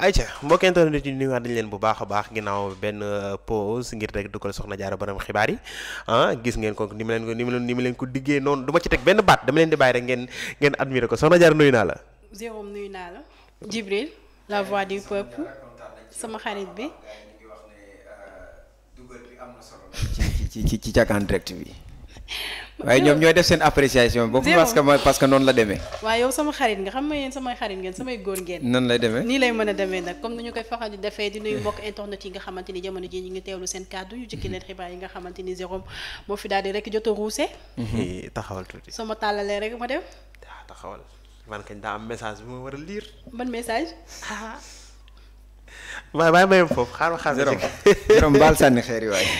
ay ayca mbokk internet yi nuyuwaat dañ leen bu baax a baax ginnaaw benn euh, pause ngir rek dugal soxna jaara borom xibaar yi ah gis ngeen ko ni ma leen ko ni ma leen ni ma leen ko diggee noonu du ma ci teg benn baat dama leen di bàyyi rek ngeen ngeen admiré ko soxna jaara nuyu naa la. Jérôme nuyu naa la. Djibril la peuple sama xarit bi. Euh, ci ci ci ci Caka en direct bi. waaye ñoom ñooy def seen appréciation boobu parce que parce que noonu la demee waaw yow sama xarit nga xam nga yéen samay xarit ngeen samay góor ngeen nan lay demee nii lay mën a demee nag comme nañu koy faral di defee nga xamante jamono ji ñu ngi teewlu seen kàddu yu jëkki leen xibaar yi nga xamante ni Jérôme moo fi daal di rek jot a ruuse ma dem ah, taxawal man kañ daa am message bu ma war a liir man message maa ah. maa mayam foofu xaaral xaaral Jérôme Jérôme baal sànni xeer yi waaye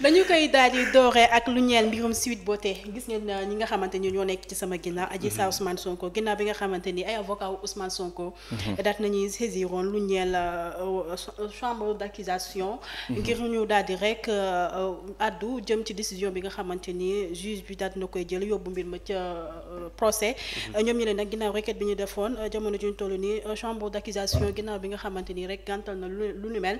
dañu koy daal di dooree ak lu ñeel mbirum Sweet Beauté gis ngeen euh, ñi nga xamante ni ñoo nekk ci sama ginnaaw aji sa Ousmane Sonko ginnaaw bi nga xamante ni ay avocat wu Ousmane Sonko mhm. daat nañuy saisiroon lu ñeel euh, chambre d'accusation mhm. ngir ñu daal di rek euh, addu jëm ci décision bi nga xamante ni juge bi daat na koy jël yóbbu mbir ma ca mhm. ñoom ñu ne nag ginnaaw requête bi ñu defoon jamono juñ toll nii chambre d'accusation ginnaaw bi nga xamante ni rek gàntal na lu lu ni mel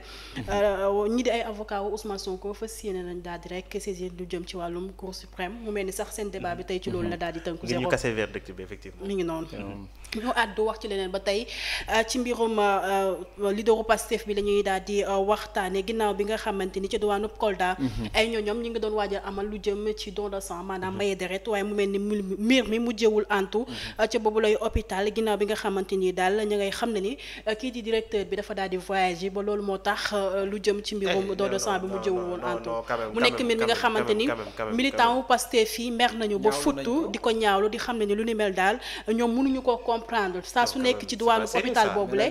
ñi di ay avocat wu Sonko fas yéene nañ daal di rek saisir lu jëm ci wàllum cour suprême mu mel ni sax seen débat bi tey ci loolu la mhm. daal di tënku zéro mi ngi noonu mhm. ñu àddu wax ci leneen ba tey euh, ci mbirum euh, euh, mhm. maanaam maye deret waaye mu mel ni mbir mi mujjewul antu ci boobu lay hôpital ginnaaw bi nga xamante daal ñu ngay xam ne ni kii di directeur bi dafa daal di ba loolu moo tax lu jëm ci mbirum eh, don de bi mujjewul woon antu mu nekk mbir mi nga xamante ni militant wu Pastef yi mer nañu ba futtu di ko ñaawlu di xam ne ni lu ni mel daal ñoom mënuñu ko comprendre saa su nekk ci diwaanu hôpital boobule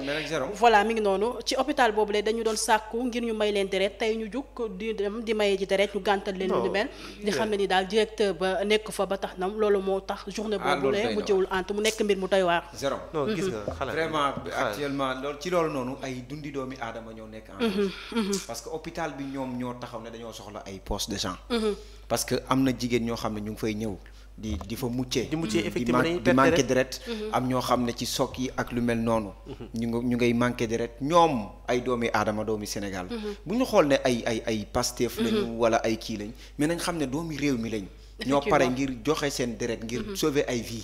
voilà mi ngi noonu ci hôpital boobule dañu doon sàkku ngir ñu may leen deret tey ñu jug di dem di maye ji deret ñu gàntal leen lu ni mel di xam ne ni daal directeur ba nekk fa ba tax na loolu moo tax journée ah, boobule mu jëwul ant mu nekk mbir mu doy waar fa ay poste de sang mhm. parce que am na jigéen ñoo xam ne ñu ngi fay ñëw di di fa muccee di muccee effectivement di manqué deret mhm. am ñoo xam ne ci soog yi ak lu mel noonu mhm. ñu ngi ñu ngay manqué deret ñoom ay doomi aadama doomi Sénégal bu ñu xool ne ay ay ay Pastef lañu wala ay kii lañ mais nañ xam ne doomi réew mi lañ ñoo pare ngir joxe seen deret ngir sauver ay vie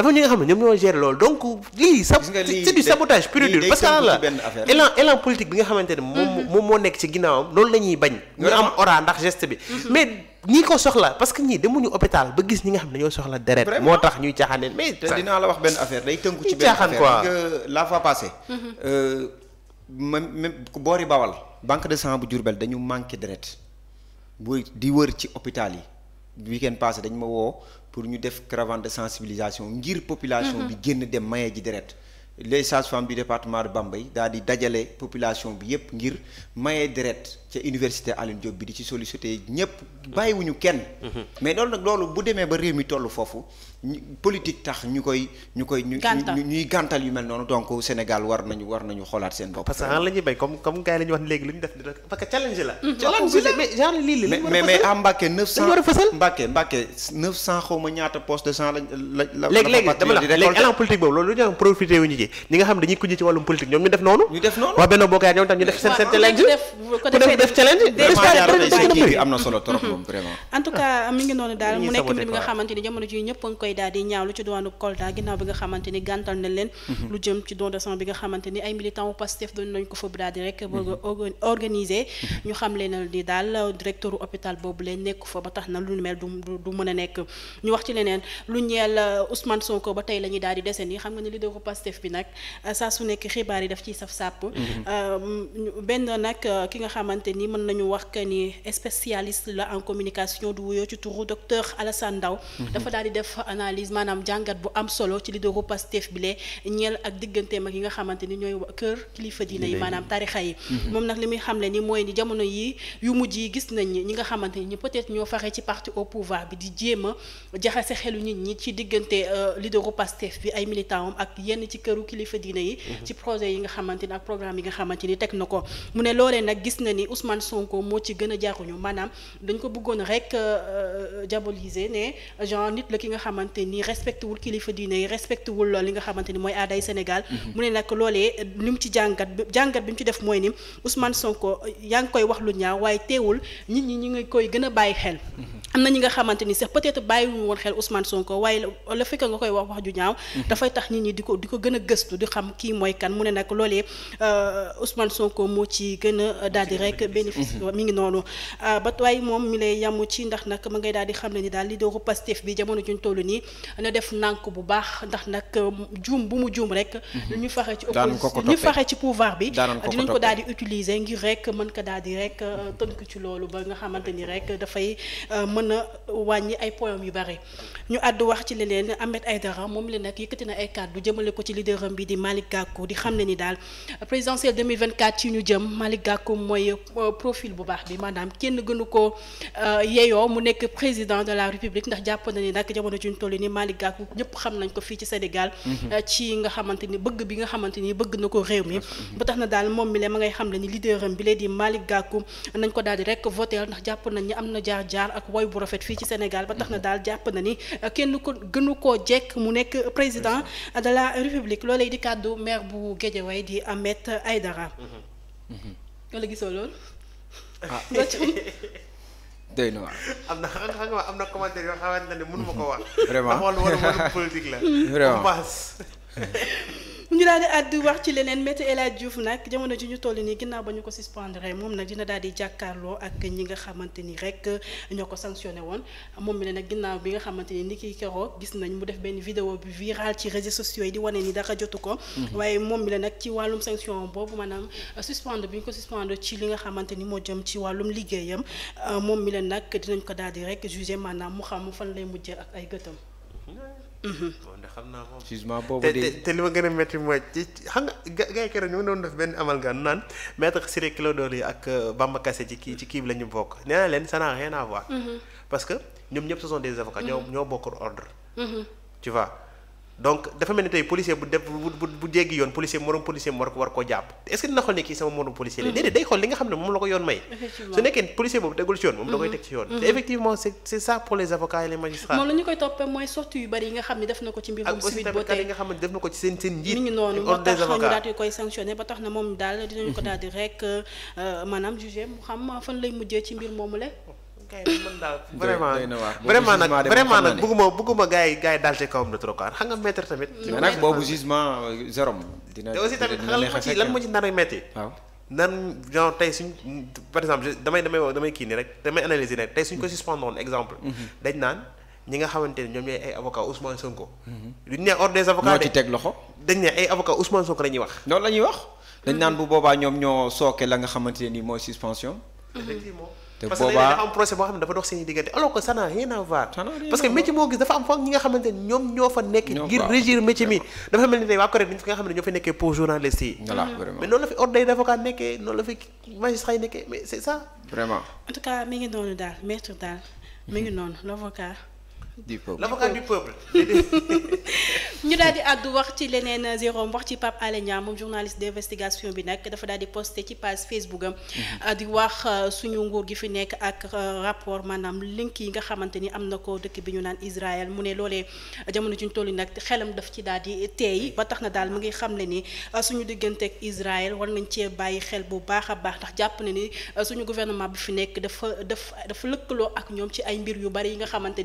dafa ñi nga xam ne ñoom ñoo gérer loolu donc lii sa c'est du sabotage la élan élan politique bi nga xamante ne moom mhm. moom moo nekk ci ginnaawam loolu la ñuy bañ ñu am aura ndax geste bi mhm. mais ñii ko soxla parce que ñii demuñu hôpital ba gis ñi nga xam ne ñoo soxla deret moo tax ñuy caaxaan leen mais te dinaa la wax benn affaire day tënku ci benn affaire quoi la fois passée mhm. euh, boori Bawal banque de sang bu Diourbel dañu manqué deret bu di wër ci hôpital yi weekend passé dañ ma woo pour ñu def caravane de sensibilisation ngir population mhm. bi génn dem maye ji deret les sages-femmes du département de Bambey daal di dajale population bi yépp ngir maye deret ca université Alioune Diop bi di ci solliciter ñépp bàyyiwuñu kenn mhm. mais loolu nag loolu bu demee ba réew mi toll foofu politique tax ñu koy ñu koy ñu ñuy gàntal yu mel noonu donc Sénégal war nañu war nañu xoolaat seen bopp parce que xanaa la ñuy béy comme comme gars yi la ñuy wax ne léegi lu ñu def parce que challenge la mm. challenge la mais genre lii la mais mais à Mbacke neuf cent war a fësal Mbacke Mbacke neuf cent xaw ma ñaata poste de cent lañ la léegi léegi dama la léegi élan politique boobu loolu lu ñu profité wu ñu ci ñi nga xam dañuy kujj ci wàllum politique ñoom ñu def noonu ñu def noonu waa benn bokk yaa ñoom tam ñu def seen seen challenge ku def def challenge am na solo trop moom vraiment en tout cas mi ngi noonu daal mu nekk mbir mi nga xamante ni jamono ji ñëpp ngi koy koy daal di ñaawlu ci diwaanu Kolda ginnaaw na leen mm-hmm. lu jëm ci don de sang bi nga xamante ni ay militant wu Pastef doon nañ ko foofu daal di rek mm-hmm. bëgg a mm-hmm. ñu xam leen di daal directeur hôpital boobu leen nekku fa ba tax na lu mel du du mën a nekk ñu wax ci leneen lu ñeel euh, Ousmane Sonko ba tey la ñuy daal di desen yi xam nga ne leader u Pastef bi nag euh, saa su nekk xibaar yi daf ciy saf sàpp euh, benn nag ki nga xamante ni mën nañu wax que ni spécialiste la en communication du wuyoo ci turu docteur Alassane Ndao dafa analyse maanaam jàngat bu am solo ci leaderu Pastef bi lee ñeel ak digganteem ak yi nga xamante ni ñooy kër kilifa diina yi maanaam tarixa yi mhm. moom nag li xamle ni mooy ni jamono yi yu mujj yi gis nañ ñi nga xamante ni peut ñoo faxe ci parti au pouvoir bi di jéem a jaxase xelu nit ñi ci diggante euh, leaderu Pastef bi ay militant am ak yenn ci këru kilifa diina yi mhm. ci projet yi nga xamante ni ak programme yi nga xamante teg na ko mu ne loolee nag gis na ni Ousmane moo ci gën a jaaruñu maanaam dañ xamante ni respecté wul kilifa diine yi respecté wul lool li nga xamante ni mooy aaday Sénégal mhm. mu ne nag loolee li mu ci jàngat jàngat bi mu ci def mooy ni Ousmane Sonko yaa ngi koy wax lu ñaaw waaye teewul nit ñi ñu ngi koy gën a bàyyi xel mhm. am na ñi nga xamante ni sax peut-être bàyyiwuñu woon xel Ousmane Sonko waaye la fekk nga koy wax ju ñaaw mhm. dafay tax nit ñi di ko di ko gën a gëstu di xam kii mooy kan mu ne nag loolee euh, Ousmane Sonko moo ci gën a rek bénéfice mi nii na def nànk bu baax ndax nag euh, juum bu mu juum rek. Mhm. ñu faxe ci opposition ñu faxe ci pouvoir bi. dinañ ko daal di utiliser ngir rek mën ko daal di rek euh, mhm. tënk ci loolu ba nga xamante ni rek dafay euh, mën a wàññi ay points yu bari ñu àddu wax ci leneen Ahmed Aïdara moom la nag yëkkati na ay kàddu jëmale ko ci leaderam bi di Malick Gakou di xam ne ni daal présidentielle 2024 yi ñu jëm Malick Gakou mooy profil bu baax bi maanaam kenn gënu ko yeyoo mu nekk président de la République toll ni Malick Gakou ñëpp xam nañ ko fii ci Sénégal mhm. euh, ci nga xamante bëgg bi nga xamante ni bëgg na ko réew mi mhm. ba tax na daal moom mi le ma ngay xam ni leader am bi lee di Malick Gakou nañ ko daal di rek voter ndax jàpp nañ ni am na jaar-jaar ak woy bu rafet fii ci Sénégal ba tax na mhm. daal jàpp na ni euh, kenn ko gënu koo jekk mu nekk président de la République loolay di kàddu maire bu Guédiawaye di Ahmed Aïdara loolu gisoo loolu ah. doy na waar. am na xam nga am na commentaire yoo xamante ne mënu ma ko wax. vraiment ndax wàllu wàllu politique la. vraiment ñu daal di àddu wax ci leneen métti El Hadj Diouf nag jamono ji ñu toll nii ginnaaw ba ñu ko suspendre moom nag dina daal di jàkkaarloo ak ñi nga xamante ni rek ñoo ko sanctionné woon moom mi ne nag ginnaaw bi nga xamante ni ni ki keroog gis nañ mu def benn vidéo bi viral ci réseaux sociaux di wane ni dara jotu ko. Mhm. waaye moom mi la nag ci wàllum sanction boobu maanaam suspendre bi ñu ko suspendre ci li nga xamante ni moo jëm ci wàllum liggéeyam moom mi leen nag dinañ ko daal di rek jugé maanaam mu xam fan lay mujjee ak ay gëtam. bon ndax xam naa moom. jugement boobu de te li ma gën a métti mooy ci xam nga gars yi ñu ngi doon def benn amalgame naan maître Ciré Clédor Ly ak euh, Bamba Kassé ci kii ci kii bi la ñu bokk nee naa leen ça n'a rien à mm-hmm. ñoom ñëpp ce sont des mm-hmm. ñoo ñoo bokk ordre. Mm-hmm. tu vois. donc dafa mel ni tey policier bu def bu bu jéggi yoon policier moroom policier war war koo jàpp est-ce que dina xool ne kii sama moroom policier la mm-hmm. déedéet day xool li nga xam ne moom la ko yoon may su mm-hmm. mm-hmm. la yu bari yi nga xam ne def na ko ci mbirum Sweet Beauté yi nga xam ne def na ko ci seen seen njiit mi ngi noonu moo tax ñu daal di koy ko daal di rek euh, maanaam jugé mu xam fan lay mujjee ci mbir moomu le kay man daal vraiment vraiment nag vraiment nag bëgguma bëgguma gars yi gars kawam de trop quoi xam nga maître tamit. mais nag boobu jugement zéro dina a métti. waaw nan genre tey suñ par exemple damay kii nii rek damay analyser rek tey suñ ko mhm. suspendoon exemple. Mhm. dañ naan ñi nga xamante ñoom ñooy avocat Ousmane Sonko. duñ ne ordre ne ay avocat Ousmane Sonko la ñuy wax. loolu la ñuy wax dañ naan mhm. bu boobaa ñoom ñoo sooke la nga xamante ne nii mooy suspension. effectivement. te boobaa parce que dafa am projet boo xam ne dafa dox seen diggante alors que ça n'a rien à voir. parce que métier moo gis dafa am foog ñi nga xamante ñoom ñoo fa nekk. ngir régir métier mi. dafa mel ni tey waa CORED bi nga xam ñoo fi nekkee pour journaliste yi. Mhm. mais noonu la fi ordre d'avocat nekkee noonu la fi magistrat nekkee mais c'est ça. vraiment. en tout cas ngi noonu daal maître daal mi ngi noonu l'avocat du peuple l'avocat du peuple. ñu daal di àddu wax ci leneen euh, zérom wax ci Pape Alé Niang moom journaliste d'investigation bi nag dafa daal di posté ci page Facebook am. Mhm. Euh, di wax euh, suñu nguur gi fi nekk ak rapport maanaam link yi nga xamante ni am na ko dëkk bi ñu naan Israël mu ne loole jamono ci ñu toll nag xelam daf ci daal di teey ba tax na daal mu ngi xam ne ni suñu digganteeg Israël war nañ cee bàyyi xel bu baax a baax ndax jàpp na ni suñu gouvernement bi fi nekk dafa dafa dafa lëkkaloo ak ñoom ci ay mbir yu bari yi nga xamante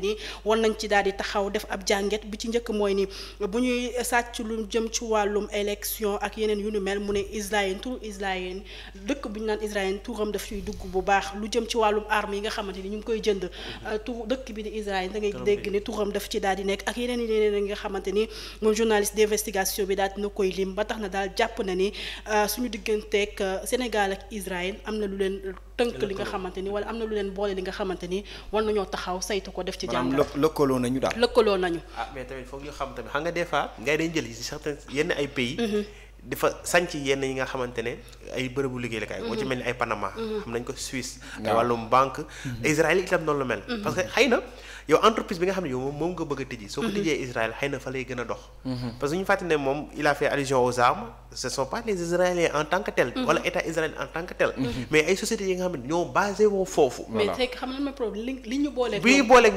war nañ ci daal di taxaw def ab jànget bi ci njëkk mooy ni bu ñuy sàcc lu jëm ci wàllum élection ak yeneen yu nu mel mu ne Israël tur Israël dëkk bu ñu naan Israël turam daf ciy dugg bu baax lu jëm ci wàllum arm yi nga xamante ni ñu ngi koy jënd mhm. euh, tur dëkk bi di Israël da ngay dégg ni turam daf ci daal di nekk ak yeneen yeneen nga xamante ni moom journaliste d'investigation bi daal dina koy lim ba tax na daal jàpp na ni euh, suñu digganteeg euh, Sénégal ak Israël am na lu leen tënk li nga xamante ni wala am na lu leen boole li nga xamante ni war nañoo taxaw saytu ko def ci jàngat lëkkaloo nañu daal lëkkaloo nañu ah mais tamit foog ñu xam tamit xam nga des fois ngay dañ jël ci certains yenn ay pays mhm. dafa sanc yenn yi nga xamante ne ay bërëbu liggéeyukaay moo mhm. ci mel ni ay Panama mhm. xam nañ ko Suisse ay wàllum banque Israël itam noonu lu mel parce que xëy na yow entreprise bi nga xam ne yow moom nga bëgg a tijji. soo ko mhm. tijjee Israël xëy na fa lay gën a dox. Mhm. parce que ñu fàttali ne moom il a fait allusion aux armes ce sont pas les Israéliens en tant que tel. Mhm. wala état israélien en tant que tel. mais ay sociétés yi nga xam ne ñoo basé foofu. voilà mais xam nga problème li ñu booleeg.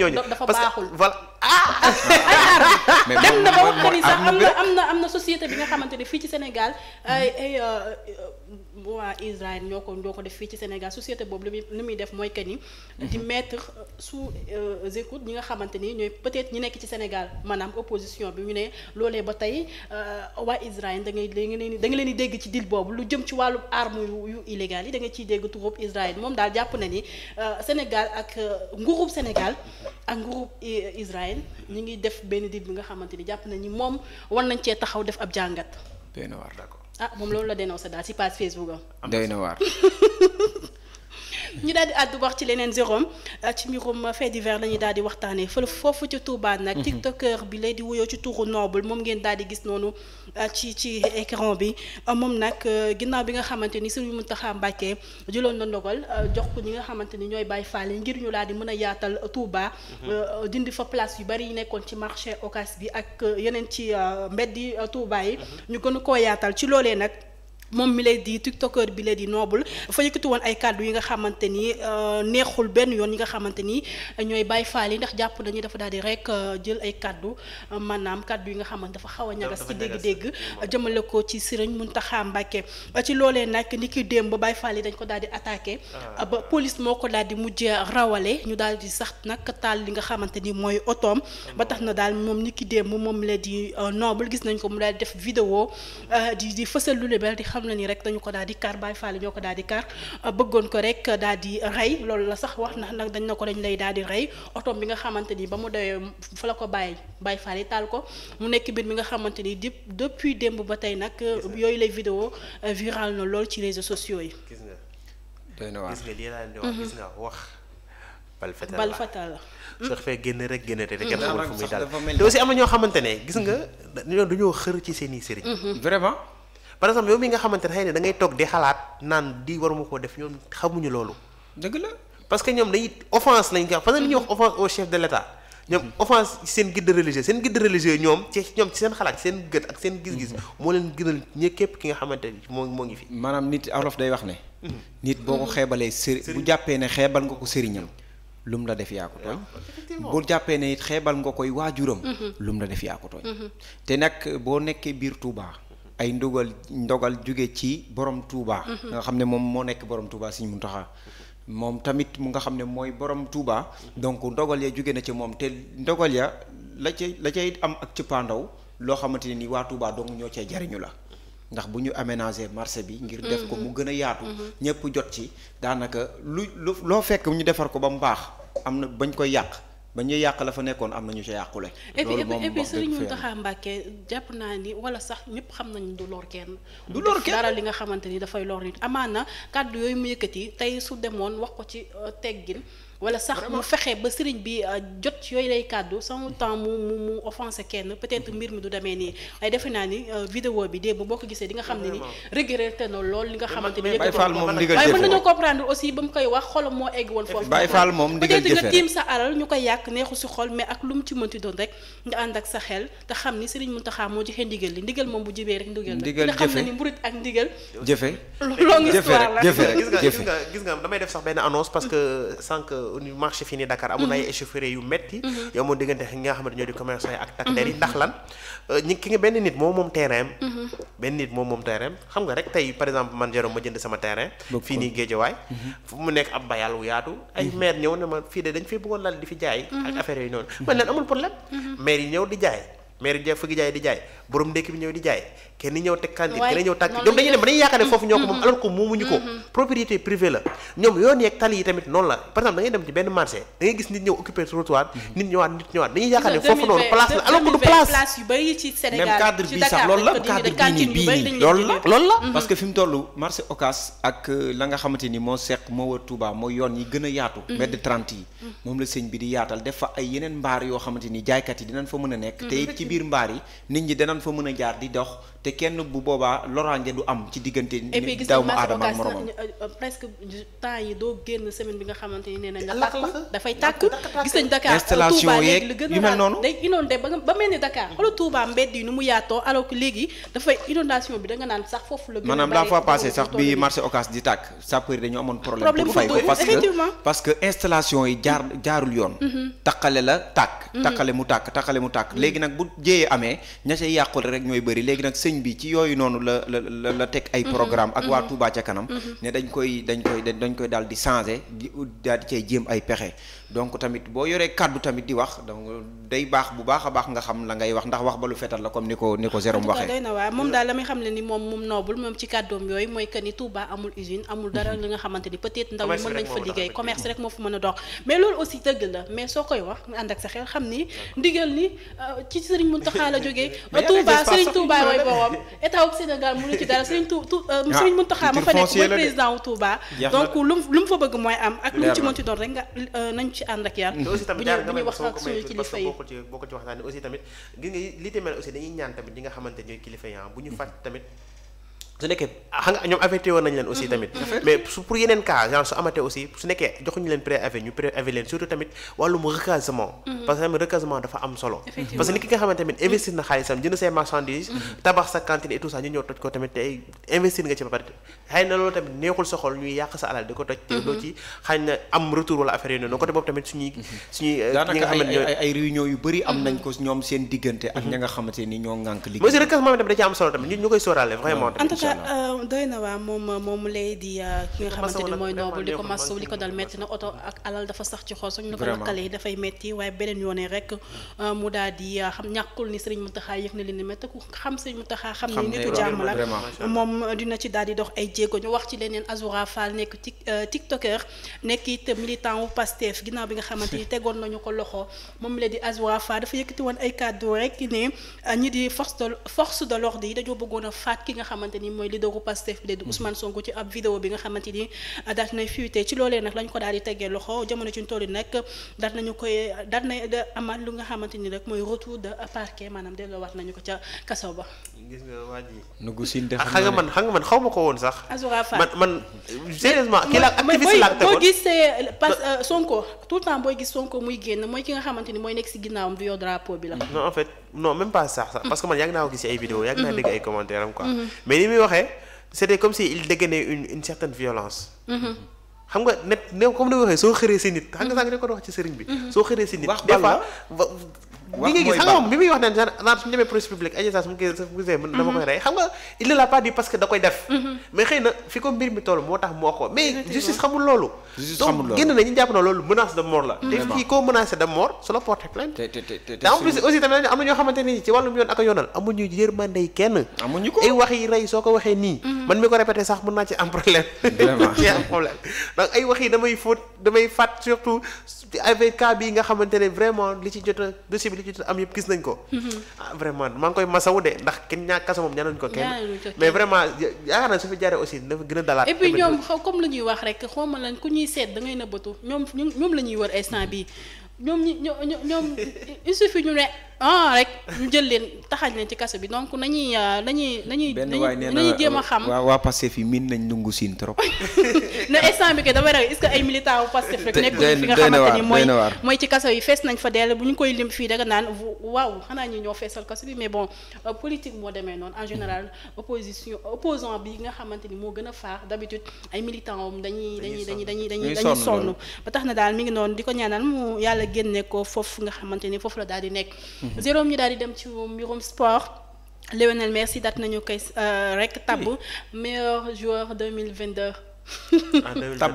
ñooñu dafa baaxul parce voilà. ah. dem na ba wax ni sax am na am na am bi nga xamante ne fii ci Sénégal ay ay euh, euh, waa Israël ñoo ko ñoo ko def fii ci Sénégal société boobu lu muy lu muy def mooy que ni. di mhm. mettre sous écoute euh, ñi nga xamante ni ñooy peut-être ñi nekk ci Sénégal maanaam opposition bi ñu ne loole ba tey waa Israël da ngay da ngeen da nga leen di dégg ci dil boobu lu jëm ci wàllu arme yu illégal yi da nga ciy dégg turub Israël moom daal jàpp na ni Sénégal ak nguurub Sénégal ak nguurub Israël. ren ñu ngi def benn dit bi nga xamante ni jàpp nañu moom war nañ cee taxaw def ab jàngat. doy na waar d'accord ah moom loolu la dénoncé daal si page Facebook am. doy na waar. ñu daal di àddu wax ci leneen Jérôme ah, ci mbirum fait divers la ñuy daal di waxtaanee fële foofu ci tuubaa nag. Mhm. TikToker bi lay di wuyoo ci turu Noble moom ngeen daal di gis noonu. Euh, ci ci écran bi euh, moom nag euh, ginnaaw bi nga xamante ni Serigne Mountakha Mbacké jëloon na ndogal jox ko ñi nga xamante ni ñooy bàyyi Fall ngir ñu laa di mën a yaatal Touba. Mhm. dindi fa place yu bari yi nekkoon ci marché ocas bi ak yeneen ci mbeddi Touba yi. Mhm. ñu gën koo yaatal ci loolee nag. moom mi lay di tiktokeur bi lay di noble fa yëkkati woon ay kàddu yi nga xamante ni euh, neexul benn yoon yi nga xamante ni ñooy bay faal yi ndax jàpp nañu dafa daal di rek euh, jël ay kaddu maanaam kàddu yi nga xamante dafa xaw a ñagas ci dégg-dégg jëmale ko ci Sëriñ Muntaxa Mbàkke ci loolee nag ni ki démb bàyyi faal yi dañ ko daal di attaqué ah. ba police moo ko daal di mujjee rawale ñu daal di sax nag taal li nga xamante ni mooy otom ba tax na daal moom ni ki démb moom mi lay di euh, noble gis nañ ko mu daal di def vidéo xam na ni rek dañu ko daal di euh, ko rek daal di rey la sax wax ndax nag dañ na ko dañ lay daal di rey otom bi nga xamante ni ba mu dawee fa la ko bàyyi Baye Fall yi taal ko mu nekk mbir mi nga xamante ni di depuis démb ba tey nag euh, yooyu lay vidéo euh, viral na lool ci réseaux sociaux yi. gis nga doy na waar di wax mhm. gis nga wax. bal fatal la bal fatal la. soo defee génn rek génn te kenn xamul mhm. fu muy dal te aussi am na ñoo xamante ne gis nga dañoo dañoo xër ci seen i sëriñ. Mhm. par exemple yow yi nga xamante ne xëy na ngay toog di xalaat naan di waruma koo def ñoom xamuñu loolu. dëgg la parce que ñoom dañuy offense lañ ko parce que li ñuy wax de l'état ñoom mm-hmm. offense seen guide religieux seen guide religieux ñoom ci ñoom ci seen xalaat seen gët ak seen gis-gis mm-hmm. moo leen gënal ñë képp ki nga xamante ni moo moo ngi fi maanaam nit alof day wax ne mm-hmm. nit boo ko xeebalee sëriñ bu jàppee ne xeebal nga ko sëriñam lu mu la def yaa ko tooñ bu jàppee ne it xeebal nga koy waajuram lu mu la def yaa te nag boo nekkee biir Touba ay ndogal ndogal jóge ci borom Touba. Mhm. nga xam ne moom moo nekk borom Touba Sëriñ Muntaxa moom tamit mu nga xam ne mooy borom Touba. donc ndogal ya jóge na ci moom te ndogal ya la cay la cay am ak cëppaandaw loo xamante ne ni waa Touba dong ñoo cee jariñu la. ndax bu ñu aménager marché bi ngir def ko mhm. mu gën a yaatu mhm. ñëpp jot ci daanaka lu loo fekk ñu defar ko ba mu baax am na bañ koy yàq ba ñuy yàq la fa nekkoon am na ñu ca yàqule. loolu moom et puis Serigne Mountakha Mbacké jàpp naa ni wala sax ñëpp xam nañu du lor kenn. du lor kenn dara li nga xamante ni dafay lor nit amaana kàddu yooyu mu yi tey su demoon wax ko ci euh, teggin. wala sax mu fexe ba sëriñ bi euh, jot yooyu lay kàddu sans temps mu mu mu offensé kenn peut-être mbir mi du demee nii ay defe naa ni euh, vidéo bi démb boo ko gisee di nga xam ne ni regretté na lool li nga xamante ni yëkkati waaye mën nañoo koy wax xolam moo egg woon foofu peut nga tiim sa alal ñu koy yàq neexu si xol mais ak lu mu ci doon rek nga ànd ak sa xel te xam ni sëriñ Muntaxa moo joxe ndigal li ndigal moom bu jibee rek ndigal nga xam ne ni murit ak ndigal jëfe longue histoire la gis nga que sànq marché fii nii Dakar amoon ay mhm. échauffourées yu metti mhm. yu amoon diggante ak ñi nga xamante ñoo di commerçant yi ak takteer yi mhm. ndax lan euh, ki nga benn nit moom moom terrain benn nit moom moom terrain xam nga rek tey par exemple man Jérôme ma jënd sama terrain fii nii Géejawaay fu mu nekk ab bayal wu yaatu ay maire ñëw ne ma fii de dañ fi bëggoon lal di fi jaay ak affaire yooyu noonu man leen amul problème maire yi ñëw di jaay maire di jaay fëgg jaay di jaay borom ndékki bi ñëw di jaay kenn ñëw teg cantine kenn ñëw tàkk ñoom dañuy dem ba dañuy yaakaar foofu ñoo ko mm-hmm. moom alors que moomuñu ko mm-hmm. propriété privée la ñoom yoon yeeg tali yi tamit noonu la parce que fi mu toll marché ak euh, la nga xamante ni moo seq moo wër Touba moo yoon yi gën a yaatu mm-hmm. mbedd 30 yi moom la sëñ bi di yaatal def ay yeneen mbaar yoo xamante ni jaaykat yi dinañ fa mën a nekk biir mbaar yi nit ñi danañ fa mën a jaar di dox te kenn bu boobaa loraange du am ci diggante. nit doomu aadama ak moroomam euh, euh, presque temps yi doo génn semaine bi nga xamante ni nee nañ la lakk dafay tàkk gis nañ Dakar installation yeeg mel noonu day inondé ba ba mel ni Dakar xoolal Touba mbedd yi nu mu yaatoo bi da nga naan sax foofu la maanaam la fois passée sax bi marché Ocass di tàkk sapeur yi dañu amoon problème pour fay ko parce que parce que installation yi jaar mm-hmm. jaarul yoon mm-hmm. taqale la tàkk mm-hmm. taqale mu tàkk taqale mu tàkk léegi nag bu jéyee amee ña ca yàqul rek ñooy bëri léegi nag sëñ bi ci yooyu noonu la la la teg ay mhm. programme ak waa mhm. Touba ca kanam mhm. ne dañ koy dañ koy dañ koy daal di changer di daal di jéem ay pexe donc tamit boo yoree kàddu tamit di wax donc day baax bu baax a baax nga xam la ngay wax ndax wax ba lu fetal la comme ni ni ko Jérôme waxee doy na waa moom euh, daal moom moom noobul moom ci kàddoom ni Touba amul usine amul dara li nga xamante ni peut-être ndaw yi mën commerce rek moo fa mën a dox mais loolu aussi dëgg la mais soo koy wax nga ak sa xel xam ni ndigal ni euh, ci Serigne Mountakha la jógee Touba Serigne Touba mooy boobu loxoom état wu Sénégal mënu ci dara sëriñ tu tu euh, sëriñ ah, Mountakha ma fa nekk mooy président wu Touba donc lu mu fa bëgg mooy am ak lu mu ci mënti doon rek nga euh, nañ ci ànd ak yar bu ñuy wax ak suñu kilifa yi boo ko ci boo ko ci aussi tamit gis nga li tamit aussi dañuy ñaan tamit ñi nga xamante ñooy kilifa yi ah, bu ñu fàtt tamit su nekkee xam nga ñoom affecté woon nañ leen aussi mhm. tamit mais su pour yeneen cas genre su amatee aussi su nekkee joxuñu ñu préavis leen surtout tamit wàllum recasement mhm. dafa am solo ki nga xamante tamit investir na xaalisam jënd say mhm. ñu ñëw toj ko tamit yàq ko toj te doo ci euh, yu bëri am nañ ko ñoom seen diggante ak ña Euh, euh, doy na waa moom moom lay di euh, ki nga xamante ni mooy noobu li ko masaw li ko dal metti na oto ak alal dafa sax ci xoos ñu ko lakkale yi dafay metti waaye beneen yoone rek mu daal di na ci daal di dox ay jéego ñu wax ci leneen Azoura nekk tik tiktoker nekk it militant wu Pastef ginnaaw bi nga xamante ni tegoon nañu ko loxo moom la di Azoura dafa yëkkati woon ay kàddu rek ne ñi di force de force yi dañoo bëggoon a faat ki nga xamante ni mooy leaderu Pastef bi de mhm. Ousmane Sonko ci ab vidéo bi nga xamante ni daat nay fuité ci loolee nag lañ ko daal di teggee loxo jamono ci tool yi nag nañu koy daat mooy retour de parquet maanaam delloo nañu ko ca kaso ba. gis nga waa ji. nugu siin de ah, xam nga man xam nga man xaw ma ko woon sax. Azoura Fall man man sérieusement. kii la activiste la ak boo gisee euh, nga xamante ni mooy nekk si ginnaawam du yor drapeau bi la. non en fait non même pas sax sax parce que man yàgg naa ko gis ay vidéo yàgg naa mhm. dégg ay commentaires am mhm. mais li Mm-hmm. xam nga net ne comme ni ma waxee soo xëree si nit. xam nga mm-hmm. sànq dañ ko doon ci sëriñ bi. Mm-hmm. soo xëree si nit des fois wax li nga xamante ne ci wàllum yoon ak a amuñu yërmande yi kenn. ay wax yi rey soo ko waxee nii. Mhm. man mi ko répété sax mën naa ci am problème. vraiment ci am problème donc bii li ci am yëpp gis nañ ko. Mm-hmm. ah vraiment maa koy masawu de ndax kenn ñaa kasa moom ñaanuñ ko kenn. mais vraiment yaakaar naa su fi jaaree aussi dafa gën a dalaat. et ñoom comme la wax rek xaw ku ñuy seet da nëbbatu ñoom ñoom la wër instant bii ñoom ñoom ñoom il ñu ne. ah rek ñu jël leen taxañ leen ci kaso bi donc nañuy euh, nañuy nañuy nañuy jéem a xam waa waa Pastef yi miin nañ ndungu siin trop ne instant bi que damay raw est que ay militants wu mooy mooy ci kaso yi fees nañ fa dell bu ñu koy lim fii daga naan waaw xanaa ñi ñoo feesal kaso bi mais bon euh, politique moo demee noonu en général opposition opposant bi nga xamante ni moo gën a faax d'habitude ay militants wam dañuy dañuy dañuy dañuy dañuy dañuy sonn ba tax na daal mi ngi noonu di ko ñaanal mu yàlla génne ko foofu nga xamante ni foofu la daal di nekk zéro mhm. ñu daal di dem ci mbirum sport. Lionel Messi daat nañu koy euh, rek tabb meilleur joueur deux mille yi nag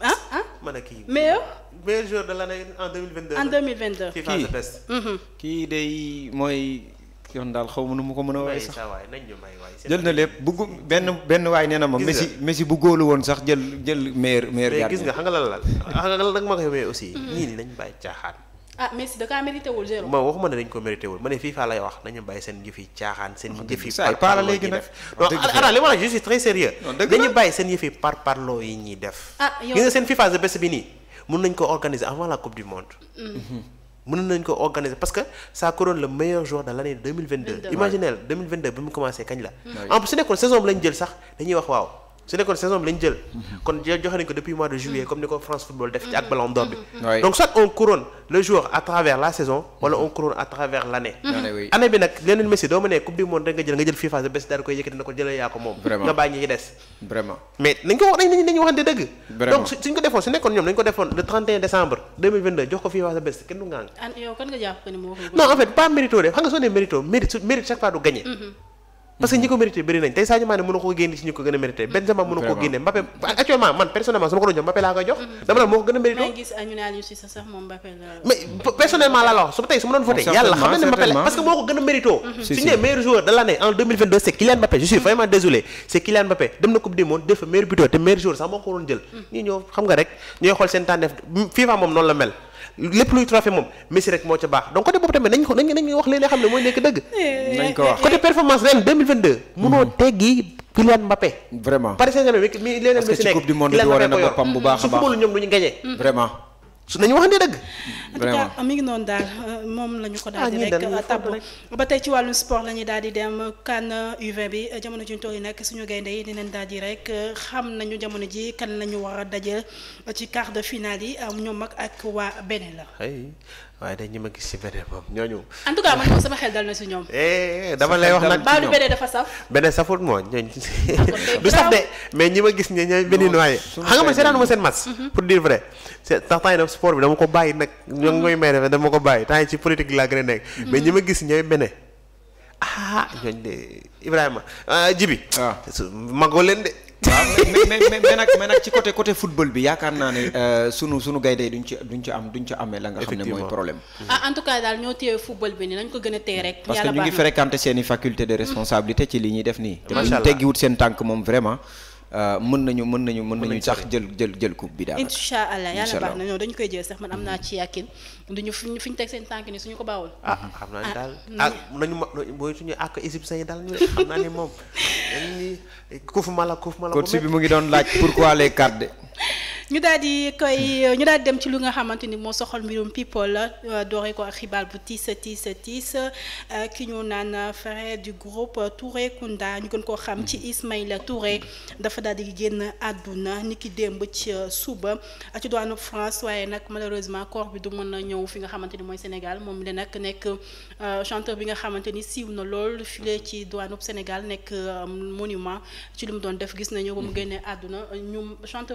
ah ah. ma ne kii meilleur. meilleur joueur de l'année en deux mille vingt deux. en deux mille mhm. kii kii mooy. yoon daal xaw ma nu mu ko mën a waaye sax jël na lépp bu benn benn waay nee na ma. Messi Messi bu góolu woon sax jël jël meilleur meilleur. gardien mais gis nga xam nga lan la xam nga lan nag ma koy aussi. Mm. ñii nañ bàyyi caaxaan. ah Messi da kaa waxuma ne dañ ko mérité wul ma FIFA lay wax nañu bàyyi seen yëf caaxaan seen yëf par par parloo yi ñuy def ah, ah, ah, gis nga seen FIFA the bi nii mën nañ ko organiser avant la coupe du monde mën mm-hmm. nañ ko organiser parce que ça couronne le meilleur joueur de l' année 2022 imaginez 2022 bi mu commencé kañ la mm. en plus su nekkoon saison bi lañ jël sax dañuy wax waaw su nekkoon saison bi lañ jël. kon joxe nañ ko depuis mois de juillet comme ni ko France football def ci ak ballon d'or bi. Mm-hmm. donc soit on couronne le joueur à travers la saison. wala on couronne à travers l' année. Mm-hmm. année bi nag Lionel Messi doo ma ne coupe du monde rek nga jël FIFA sa bés daal koy yëkkati na ko jëlee yaa ko moom. nga bàyyi des. mais nañ ko wax nañ nañu waxante dëgg. donc suñ ko defoon su nekkoon ñoom nañ parce que ñi ko mérité bëri nañ tey Sadio Mané mënu ko génne ci ñi ko gën a mérité mm. Benzema mënu ko génne Mbappé actuellement man personnellement su ma ko doon jox Mbappé laa koy jox mm. dama la moo ko gën a mérité su ma tey su ma doon ne Mbappé la parce que moo ko gën a mérité mm-hmm. suñu nee meilleur mm-hmm. désolé c'est Kylian Mbappé dem na coupe du monde def meilleur buteur te meilleur joueur sax moo ko waroon jël mm. ñii ñoo xam nga rek ñooy xool seen tànneef FIFA moom lépp luy trophée moom Messi rek moo ca baax donc côté boobu tamit nañ ko nañ nañ wax léeg-léeg xam ne mooy nekk dëgg. nañ ko wax côté performance ren 2022. munoo mm. teggi Kylian Mbappé. vraiment Paris Saint-Germain mi mi leneen Messi nekk parce que ci coupe du monde bi wane bu baax su football ñoom du ñu gagné. su nañu waxante dëgg. vraiment en mi ngi noonu daal euh, moom la ñu ko daal ah, di rek euh, tab ba tey ci wàllu sport la ñuy daal di dem kan u bi euh, jamono ji ñu yi nag suñu gaynde yi dinañ daal di rek xam nañu jamono ji kan la ñu war a daje ci quart de finale yi ñoom mag ak waa beneen la. waaye dañ ñi ma gis ci beneen moom ñooñu. en tout cas moom sama xel dal na si ñoom. Eh, eh, dama lay wax nag baalu beneen dafa saf. beneen safut moo ñooñu du saf de mais ñi ma gis ñi ñooy beneen waaye. xam nga man seetaanuma seen match. Mhm. pour dire vrai c'est tax temps yi ko bàyyi nag. ñoo ngi may may defee ko bàyyi temps yi ci politique laa gën a nekk. Mhm. mais ñi ma gis ñooy beneen. ah ñooñu de Ibrahima ah Jibi. waaw ah. magoo leen de. waaw mais mais mais nag mais nag ci côté côté football bi yaakaar naa ne euh, sunu sunu gaynde yi duñ ci duñ ci am duñ ci amee la nga xam ne mooy problème ah en daal ñoo téye football bi ni nañ ko gën a téye rek parce que ñu ngi fréquenté seen i faculté de responsabilité ci li ñuy def nii te buñ teggiwut seen tànk moom vraiment Euh, mën nañu mën nañu mën nañu sax jël jël jël coupe bi daal incha allah yàlla baax na ñoom dañu koy jël sax man am naa ci yàkkin duñu fi fi ñu teg seen tànk ni suñu ko bawul ah xam naa ne ah, daal ah nañu ma booy suñu ak égyptien yi dal xam naa ne moom dañu kuuf mala kuuf mala coach bi mu ngi doon laaj pourquoi les cartes ñu daal di koy ñu daal dem ci lu nga xamante ni moo soxal mbirum people euh, dooree ko ak xibaar bu tiis tiis tiis euh, ki ñu naan frère du groupe Touré Kunda ñu gën koo xam ci Ismaïla Touré dafa daal di génn àdduna ni ki démb ci euh, suba ci doonu France waaye nag malheureusement corps bi du mën na ñëw fi nga xamante ni mooy Sénégal moom la nag nekk chanteur bi nga xamante ni siiw na lool file ci doonu Sénégal nekk monument ci li mu doon def gis nañu ba mu génnee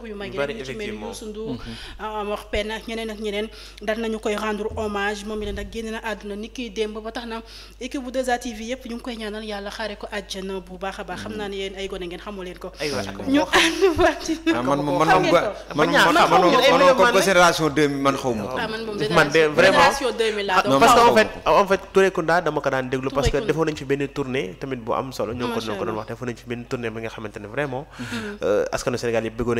yu mag mel ni Youssou Ndour Mor mhm. ah, ak ñeneen ak ñeneen daal nañu koy rendre hommage moom mi leen nag génn na àdduna ni kiy démb ba tax na équipe bu 2STV yëpp ñu ngi koy ñaanal yàlla xaare ko àjjana bu baax a baax xam naa ne yéen ay gone ngeen xamoo ko ah, man xaw ma man moom génération 2000 ah, laa doon parce dama ko daan déglu parce que defoon fi benn tournée tamit bu am solo ñoo ko doon wax defoon nañ fi benn tournée bi nga xamante vraiment mhm. euh, askanu Sénégal yi bëggoon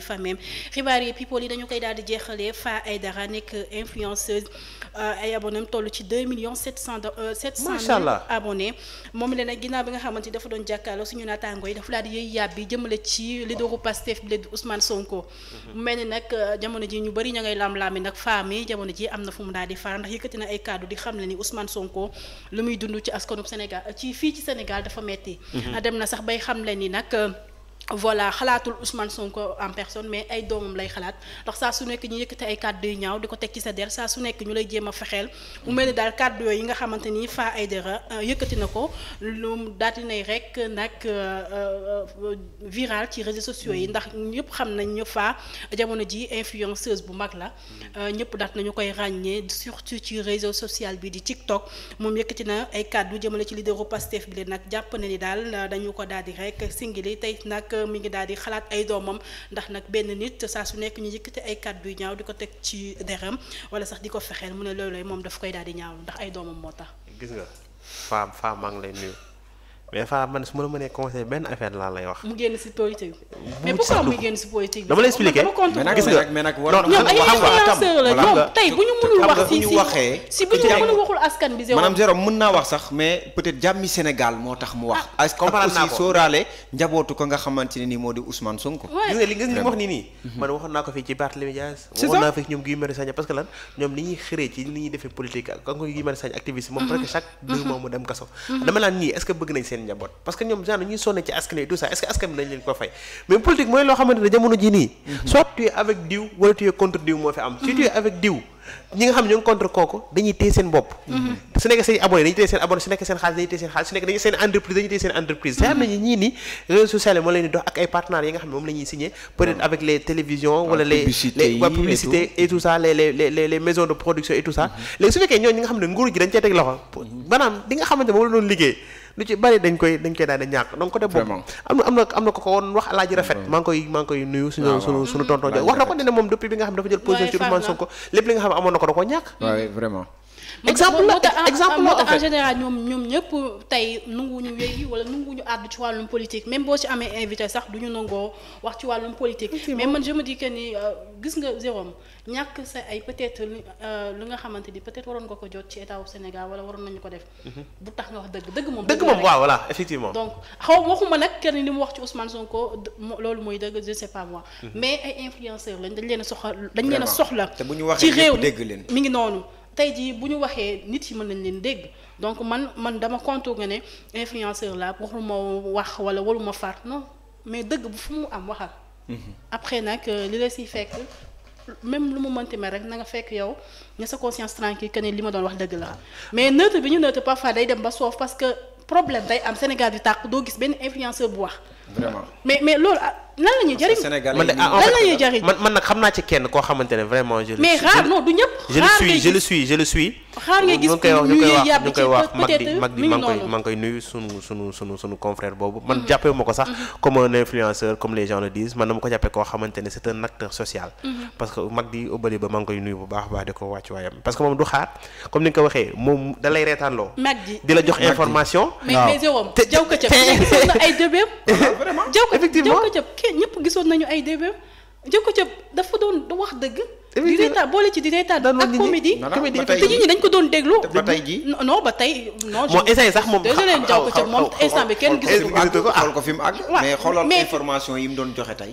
di fa même xibaar yi people yi dañu koy daal di jeexalee Fa Aydara nekk influenceuse euh, ay abonnés toll ci deux millions sept cent euh, sept cent mille abonnés moom la nag ginnaaw bi nga xamante dafa doon jàkkaarloo suñu naataango dafa daal di yëy yàbbi jëmale ci leaderu Pastef bi la di Ousmane Sonko mhm. mel ni nag euh, jamono ji ñu bëri ña ngay lam-laami nag femme yi jamono ji am na fu mu daal di ndax yëkkati na ay kàddu di xam ne ni Ousmane Sonko lu muy dund ci voilà xalaatul Ousmane Sonko en personne mais ay doomam lay xalaat ndax saa su nekk ñu yëkkati ay kàddu yu ñaaw di ko teg ci sa der saa su nekk ñu lay jéema a fexeel mu mel ni daal kàddu yooyu yi nga xamante ni Fa Aidara euh, yëkkati na ko lu daal di nay rek nag euh, euh, viral ci réseaux sociaux yi mm. ndax ñëpp xam nañ ñu Fa jamono ji influenceuse bu mag la mm. ñëpp daat nañu koy ràññee surtout ci réseau social bi di TikTok moom yëkkati na ay kàddu jëmale ci leaderu Pastef bi nag jàpp na ni daal dañu ko daal di mi ngi daal di xalaat ay doomam ndax nag benn nit saa su nekk ñu yëkkati ay kàddu yu ñaaw di ko teg ci deram wala sax di ko fexeel mu ne loolu moom daf koy daal di ñaaw ndax ay doomam moo tax. gis nga faam faam maa ngi lay nuyu. mais Fara man su ma la mënee conseil benn affaire laa lay wax. mu génn si politique mais pourquoi muy génn si politique dama lay expliquer mais moo tax mu wax. ah comprendre naa ko aussi sóoraale njabootu ko nga xamante ne nii moo di Ousmane Sonko. gis nga li nga li wax nii nii. Mhm. man waxoon naa ko fii ci Barthélémy Dias. waxoon ni ñuy xëree ci ni ñuy defee politique ak Guy Marius Sagna activiste moom mhm. presque chaque deux mhm. mu dem kaso dama naan ñii est-ce que bëgg nañ seen seen njaboot parce que ñoom genre ñuy sonné ci askan wi tout ça est ce que askan bi nañ leen ko fay mais politique mooy loo xamante ne jamono ji nii mhm. soit tu es avec diw wala tu es contre diw moo fi am si tu es mhm. avec diw ñi nga xam ne ñoo ngi contre kooku dañuy téye seen bopp mhm. su nekk seen abonné dañuy téye seen abonné su nekk seen xaalis dañuy téye seen xaalis su nekk dañuy seen entreprise dañuy téye seen entreprise te am nañu ñii ni réseaux sociaux yi moo leen di dox ak ay partenaires yi nga xam ne moom la ñuy signé peut être ah. avec les télévisions wala les les waa publicité et tout ça les les les les maisons de production et tout ça léegi su fekkee ñooñu ñi nga xam ne nguur gi dañ cee teg loxo maanaam li nga xamante moom la doon liggéey lu ci bari dañ koy dañ koy daal di ñàkk donc côté boobu am na am na ko ko wax alaaji rafet maa ngi koy maa ngi koy nuyu suñu ah, suñu tonton jo wax na ko ne moom depuis bi nga xam dafa jël position ci Ousmane Sonko lépp li nga xam amoon na ko da ñàkk exemple la exemple la en fait en général ñoom ñoom ñëpp tey nanguwuñu wéy wala nanguwuñu àddu ci wàllum politique même boo ci amee invité sax du ñu nangoo wax ci wàllum politique. mais man je me dis que ni euh, gis nga Jérôme ñàkk sa ay peut-être euh, lu nga xamante ni peut-être waroon nga ko jot ci état wu Sénégal wala waroon nañu ko def. Mhm. bu tax nga wax dëgg dëgg moom. dëgg moom waaw voilà effectivement. donc xaw waxuma nag kenn li mu wax ci Ousmane ko loolu mooy dëgg je sais pas mhm. ay influenceurs lañ dañ leen a dañ leen a soxla. te bu ñu waxee ñëpp dégg leen mi ngi noonu. tey jii bu ñu waxee nit yi mën nañ leen dégg donc man man dama contourné ne influenceur la waxuma wax wala waruma far non mais dëgg bu fu mu am waxal. Mhm. après nag euh, li la siy fekk même lu mu mënti mel rek na nga fekk yow nga sa conscience tranquille que ne li ma doon wax dëgg la mais neutre bi ñu neutre parfois day dem ba soof parce que problème day am Sénégal di tàkk doo gis benn influenceur bu wax. vraiment mais mais loolu ah, lan la ñuy jëriñ. Sénégal man de ah man man nag xam naa ci kenn koo xamante ne vraiment. je mais rare non du ñëpp. rare ngay gis je le suis je le suis je le suis. ñu ngi koy wax ñu ngi koy wax mag di mag di maa ngi koy maa ngi koy nuyu sunu sunu sunu sunu confrère boobu. man mhm. jàppee ma ko sax mhm. comme un influenceur comme les gens le disent man dama ko jàppee koo xamante ne c'est un acteur social. Mhm. parce que mag di ubbali ba maa ngi koy nuyu bu baax a baax di ko wàcc waayam parce que moom du xaar comme ni nga ko waxee moom da lay reetaanloo. mag di di la jox information. waaw mais mais yow am jaw ko ca ay jëbeem vraiment effectivement Jokko Job kenn ñëpp gisoon nañu ay début Jokko Job dafa doon wax dëgg. di reetaan boole ci di reetaan ak comédie comédie te nit ñi dañ ko doon déglu. ba tey jii non ba tey. non moom essayé sax moom. désolé Jokko Job moom instant bi kenn gisul ko. xool fi mu mais xoolal information yi mu doon joxe tey.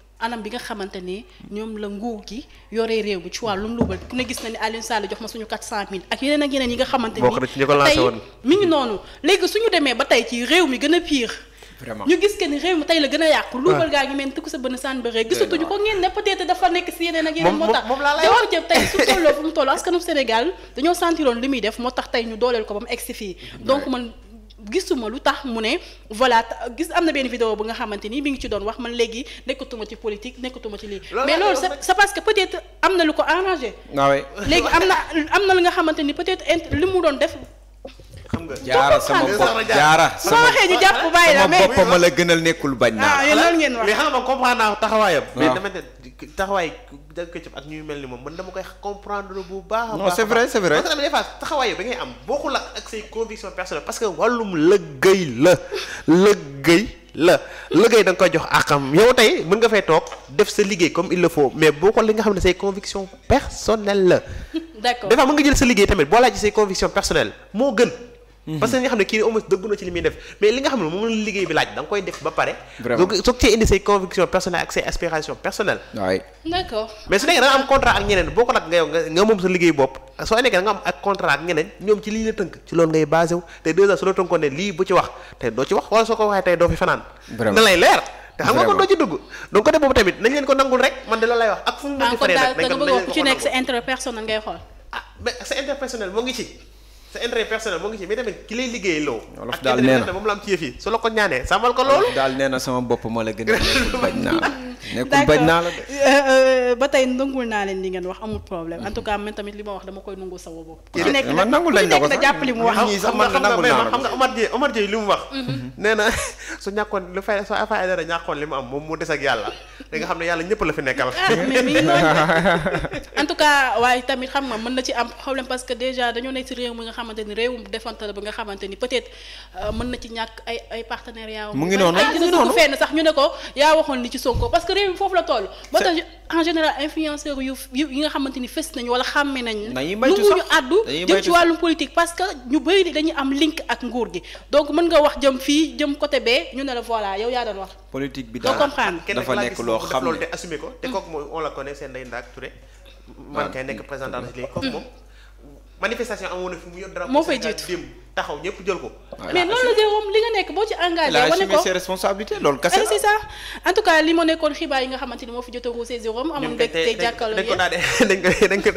anam bi nga xamante ni ñoom la nguur gi yore réew mi ci wàllum luubal ku ne gis na ni Aliou Sall jox ma suñu 400000 cent yeneen ak yeneen yi nga xamante ni tey mi ngi noonu léegi suñu demee ba tey ci réew mi gën a pire ñu gis que ni réew mi tey la gën a yàqu ah. luubal gaa ngi mel ku sa bën saan bëree gisatuñu ko ngeen ne peut-être dafa nekk si yeneen ak yeneen moo tax jawar jëf tey su tolloo fu mu toll askanu Sénégal dañoo sentiroon li muy def moo tax tey ñu dooleel ko ba mu egsi fii donc man gisuma lu tax mu ne voilà gis am na benn vidéo bu nga xamante ni mi ngi ci doon wax man léegi nekkatuma ci politique nekkatuma ci léegi mais loolu c'est parce que peut-être am na lu ko arrangé. waaw ah léegi am na am na lu nga xamante ni peut-être li mu doon def. xam nga jaara sama bopp jaara sama waxee ñu jàpp bàyyi la mais sama boppam la gënal nekkul bañ naa. ah yéen loolu ngeen wax mais xam nga comprendre naa mais ah. taxawaay da këccëb ak ñuy mel ni moom man dama koy comprendre bu baax. non c'est vrai c'est vrai parce que des fois taxawaay ba ngay am la lëggéey la da koy jox àqam yow tey mën nga fay toog def sa liggéey comme il le boo ko li nga xam ne say conviction personnelle la. d'accord des nga jël sa liggéey tamit boo laaj say conviction personnelle moo gën. Mhm. parce nga xam ne kii ni dëggu na ci li muy def mais li nga xam ne moom liggéey bi laaj da koy def ba pare. vraiment soog indi sa liggéey ah, ngay xool. ah sa intérêt personnel ngi ci sa intérêt personnel moo ngi ci la am ci su a euh, euh, li ngeen wax amul problème en nekk nag jàpp li mu wax. xam su ñàkkoon lu fay soo affaire dara ñàkkoon li mu am moom mu des ak yàlla da xam ne yàlla ñëpp la fi nekkal. Ah, en waaye tamit xam nga mën na ci am problème parce que déjà dañoo nekk ci réew mi nga xamante ni réewum defante la ba nga xamante ni peut-être euh, mën na ci ñàkk ay ay partenariat mu ngi noonu ay gis fenn sax ñu ne ko yaa waxoon li ci Sonko parce que réew mi foofu la toll moo tax en général influenceur yu yi nga xamante ni fës nañ wala xàmme nañ lu ñu àddu jëm ci wàllum politique parce que ñu bëri dañuy am link ak nguur gi donc mën nga wax jëm fii jëm côté bee ñu ne la voilà yow yaa doon wax politique bi daal dafa nekk loo xam loolu te assumé ko te manifestation amoon na fi mu yor drapeau Sénégal démb taxaw ñëpp jël ko. mais loolu la Jérôme li nga nekk boo ci engagé. wane ko ses responsabilités loolu kese la. Eh, li mu nekkoon xibaar yi nga xamante ni moo fi jot a ruusee Jérôme. amoon mbégte jàkkaarloo yéen dañ ko dañ ko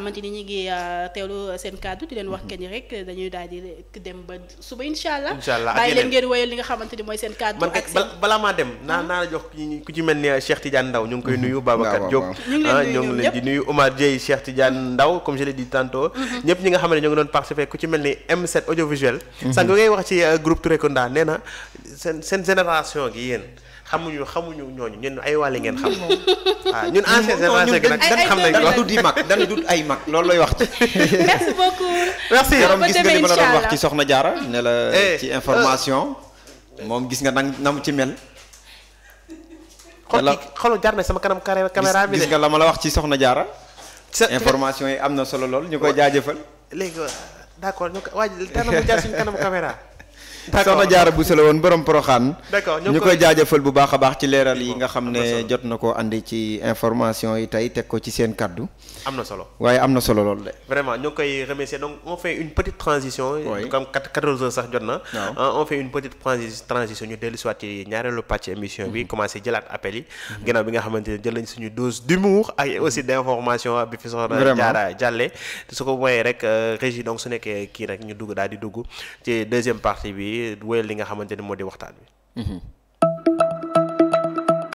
dañ ni ñu ngi euh, teewlu seen kàddu di leen wax mhm. kenn rek dañuy daal di dem ba suba incha allah. incha allah bàyyi leen ngeen wéyal li nga xamante ni mooy seen kàddu. ak seen balaa maa dem naa mhm. naa la jox ku ci mel ni Cheikh Tidiane Ndaw ñu ngi koy mhm. nuyu Babacar Diop ñu ngi leen ah, di nuyu Omar Dieye Cheikh Tidiane Ndaw comme je l'ai dit tantôt mm-hmm. ñëpp ñi nga xam ne ñoo ngi doon participer ku ci mel ni M7 audiovisuel mm-hmm. sànq ngay wax ci euh, groupe Touré Kunda nee na seen seen génération gi yéen xamuñu xamuñu ñooñu ñun ay wàll ngeen xam waaw mm-hmm. ah, ñun ancien génération gi nag dan xam nañ ko du di mag dan dut ay mag loolu lay wax ci merci gis nga li ma la doon wax ci Soxna Jaara ne la eh, ci euh, information moom gis nga nag na mu ci mel xool xoolal jaar na sama kanam caméra bi de gis nga la ma la wax ci Soxna Jaara information yi am na solo lool ñu koy jaajëfal. léegi d' accord ñu ko waaj teel soxna jaara bu sela woon borom poroxaan ñu koy jaajëfal bu baax a baax ci leeral yi nga xam ne jot na ko andi ci information yi tey teg ko ci seen kàddu am na solo waaye am na solo loolu de vraiment ñu ngi koy remercier donc on fait une petite transition comme quatorze heures sax jot na ah, on fait une petite transition ñu dellu soit ci ñaareelu pàcc émission bi mhm. commencé jëlaat appel yi ginnaaw bi nga xamante ne jël nañ suñu dose d'humour ak aussi d'information bi fi soxna jaara jàlle su ko mooyee rek euh, régie donc su nekkee kii rek ñu dugg daal di dugg ci deuxième partie bi duwee li nga xamante ne moo di waxtaan bi